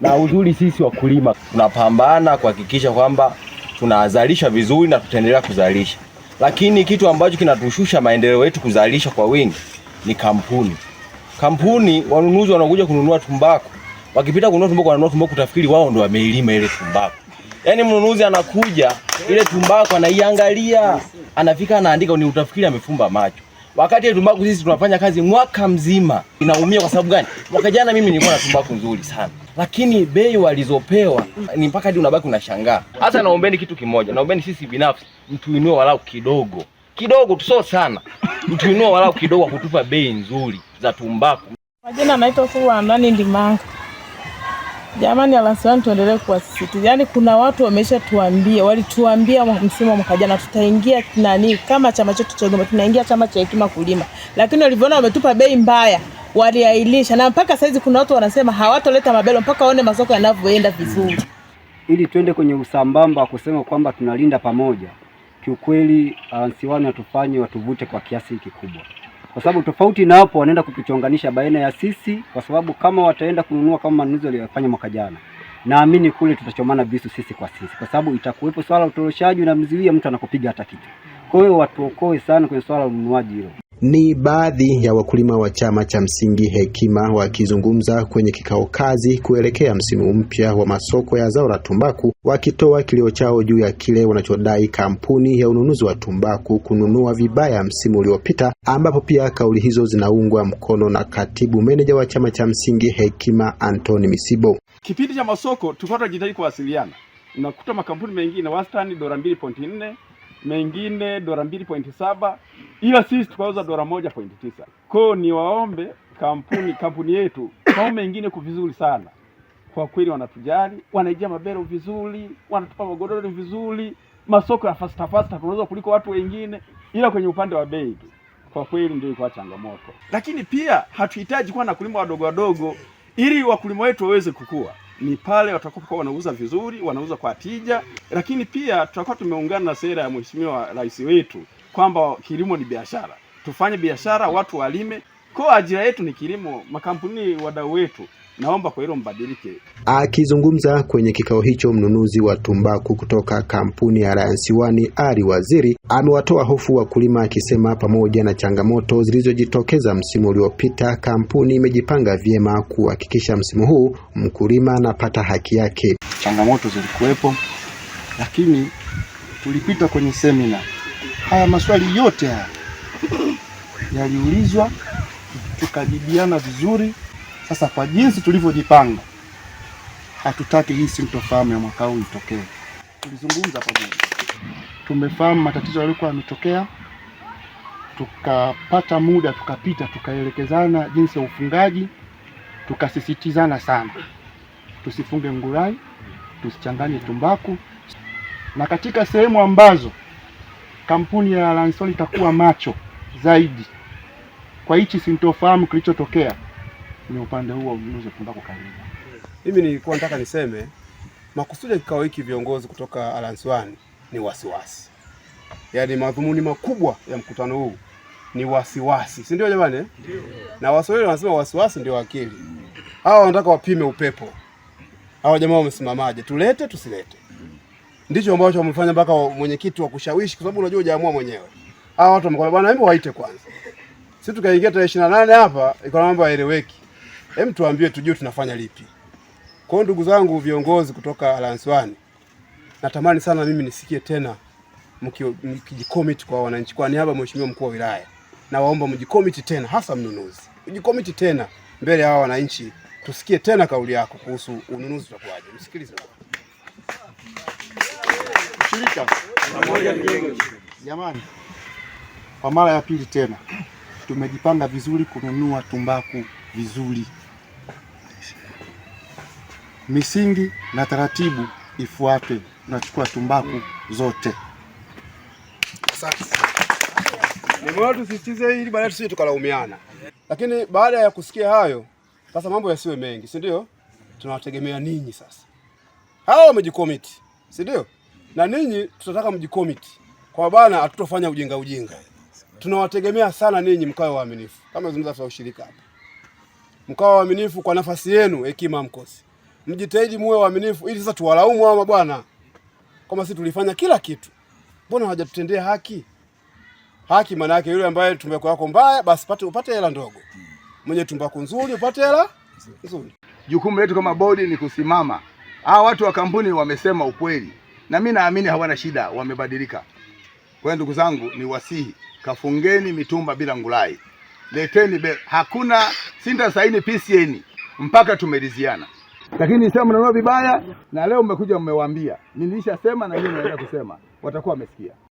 na uzuri sisi wakulima tunapambana kuhakikisha kwamba tunazalisha vizuri na tutaendelea kuzalisha, lakini kitu ambacho kinatushusha maendeleo yetu kuzalisha kwa wingi ni kampuni. Kampuni, wanunuzi wanakuja kununua tumbaku, wakipita kununua tumbaku wananunua tumbaku tafikiri wao ndio wameilima ile tumbaku. Yaani mnunuzi anakuja ile tumbaku anaiangalia, anafika anaandika, ni utafikiri amefumba macho wakati tumbaku sisi tunafanya kazi mwaka mzima inaumia. Kwa sababu gani? Mwaka jana mimi nilikuwa na tumbaku nzuri sana, lakini bei walizopewa ni mpaka hadi unabaki unashangaa. Hata naombeni kitu kimoja, naombeni sisi binafsi mtuinue walau kidogo kidogo tuso sana, mtuinue walau kidogo, kutupa bei nzuri za tumbaku. Majina anaitwa Fuwa Amani Ndimanga. Jamani, alasani tuendelee kuwasisitiza, yaani kuna watu wameshatuambia, walituambia msimu wa mwaka jana tutaingia nani kama chama chetu cha Kigoma, tunaingia chama cha Hekima Kulima, lakini walivyoona wametupa bei mbaya waliailisha, na mpaka saizi kuna watu wanasema hawatoleta mabelo mpaka waone masoko yanavyoenda vizuri. Ili tuende kwenye usambamba wa kusema kwamba tunalinda pamoja, kiukweli alansiwani watufanye watuvute kwa kiasi kikubwa kwa sababu tofauti na hapo wanaenda kutuchonganisha baina ya sisi, kwa sababu kama wataenda kununua kama manunuzi waliyofanya mwaka jana, naamini kule tutachomana visu sisi kwa sisi, kwa sababu itakuwepo swala la utoroshaji, unamzuia mtu anakupiga hata kitu. Kwa hiyo watuokoe sana kwenye swala la ununuaji hilo. Ni baadhi ya wakulima wa chama cha msingi Hekima wakizungumza kwenye kikao kazi kuelekea msimu mpya wa masoko ya zao la tumbaku, wakitoa kilio chao juu ya kile wanachodai kampuni ya ununuzi wa tumbaku kununua vibaya msimu uliopita, ambapo pia kauli hizo zinaungwa mkono na katibu meneja wa chama cha msingi Hekima antoni Misibo. Kipindi cha masoko tulikuwa tunajitahidi kuwasiliana, unakuta makampuni mengine wastani dola nne mengine dola mbili saba ila sisi tukauza dola moja Kwao tisa niwaombe kampuni kampuni yetu kao mengine ku vizuri sana kwa kweli, wanatujali wanaijia mabero vizuri, wanatupa magodoro vizuri, masoko ya fasta fasta tunaweza kuliko watu wengine, ila kwenye upande wa bei tu kwa kweli ndio ilikuwa changamoto, lakini pia hatuhitaji kuwa na kulima wadogo wadogo ili wakulima wetu waweze kukua ni pale watakapokuwa wanauza vizuri, wanauza kwa tija, lakini pia tutakuwa tumeungana na sera ya Mheshimiwa Rais wetu kwamba kilimo ni biashara, tufanye biashara, watu walime. Kwa ajira yetu ni kilimo, makampuni wadau wetu Naomba kwa hilo mbadilike. Akizungumza kwenye kikao hicho, mnunuzi wa tumbaku kutoka kampuni ya Alliance Ali Waziri amewatoa hofu wakulima, akisema pamoja na changamoto zilizojitokeza msimu uliopita, kampuni imejipanga vyema kuhakikisha msimu huu mkulima anapata haki yake. Changamoto zilikuwepo, lakini tulipita kwenye semina, haya maswali yote haya yaliulizwa, tukajibiana vizuri. Sasa kwa jinsi tulivyojipanga, hatutaki hii sintofahamu ya mwaka huu itokee. Tulizungumza pamoja, tumefahamu matatizo yaliyokuwa yametokea, tukapata muda, tukapita, tukaelekezana jinsi ya ufungaji, tukasisitizana sana tusifunge ngurai, tusichanganye tumbaku, na katika sehemu ambazo kampuni ya Lansol itakuwa macho zaidi kwa hichi sintofahamu kilichotokea kwenye upande huu wa ununuzi tumbako karibu. Mimi nilikuwa nataka niseme makusudi ya kikao hiki viongozi kutoka Alliance One ni wasiwasi, yaani madhumuni makubwa ya mkutano huu ni wasiwasi, si ndio jamani? Na Waswahili wanasema wasiwasi ndio akili. Hawa wanataka wapime upepo, hawa jamaa wamesimamaje, tulete tusilete. Ndicho ambacho wamefanya mpaka mwenyekiti wa kushawishi, kwa sababu unajua hujaamua mwenyewe. Hawa watu wamekwambia bwana, hebu waite kwanza, sisi tukaingia tarehe 28 hapa, iko na mambo yaeleweki Hem, tuambie tujue tunafanya lipi. Kwa hiyo ndugu zangu viongozi kutoka Alliance One, natamani sana mimi nisikie tena mkijikomiti kwa wananchi, kwa niaba mheshimiwa mkuu wa wilaya, na waomba mjikomiti tena, hasa mnunuzi, ujikomiti tena mbele ya hawa wananchi, tusikie tena kauli yako kuhusu ununuzi utakuwaje. Msikilize shirika jamani. Kwa mara ya pili tena tumejipanga vizuri kununua tumbaku vizuri misingi na taratibu ifuatwe. Tunachukua tumbaku zote. Asante. Nimeona tusitize ili baadaye tusije tukalaumiana, lakini baada ya kusikia hayo sasa mambo yasiwe mengi, si ndio? Tunawategemea ninyi sasa. Hao wamejikomiti, si ndio? Na ninyi tunataka mjikomiti kwa bana, hatutofanya ujinga ujinga. Tunawategemea sana ninyi, mkawe waaminifu kama zungumza za ushirika hapa, mkawe waaminifu kwa nafasi yenu. Hekima Mkosi mjitahidi muwe waaminifu, ili sasa tuwalaumu hawa mabwana kama sisi tulifanya kila kitu, mbona hawajatutendea haki? Haki maana yake yule ambaye tumbo yako mbaya, basi pate upate hela ndogo, mwenye tumbo nzuri upate hela nzuri. Jukumu letu kama bodi ni kusimama. Hawa watu wa kampuni wamesema ukweli, na mimi naamini hawana shida, wamebadilika. Kwa ndugu zangu, ni wasihi kafungeni mitumba bila ngulai, leteni be. Hakuna sinta saini PCN mpaka tumeliziana lakini sema mnanua vibaya, na leo mmekuja mmewaambia. Nilishasema na yeye naweza kusema, watakuwa wamesikia.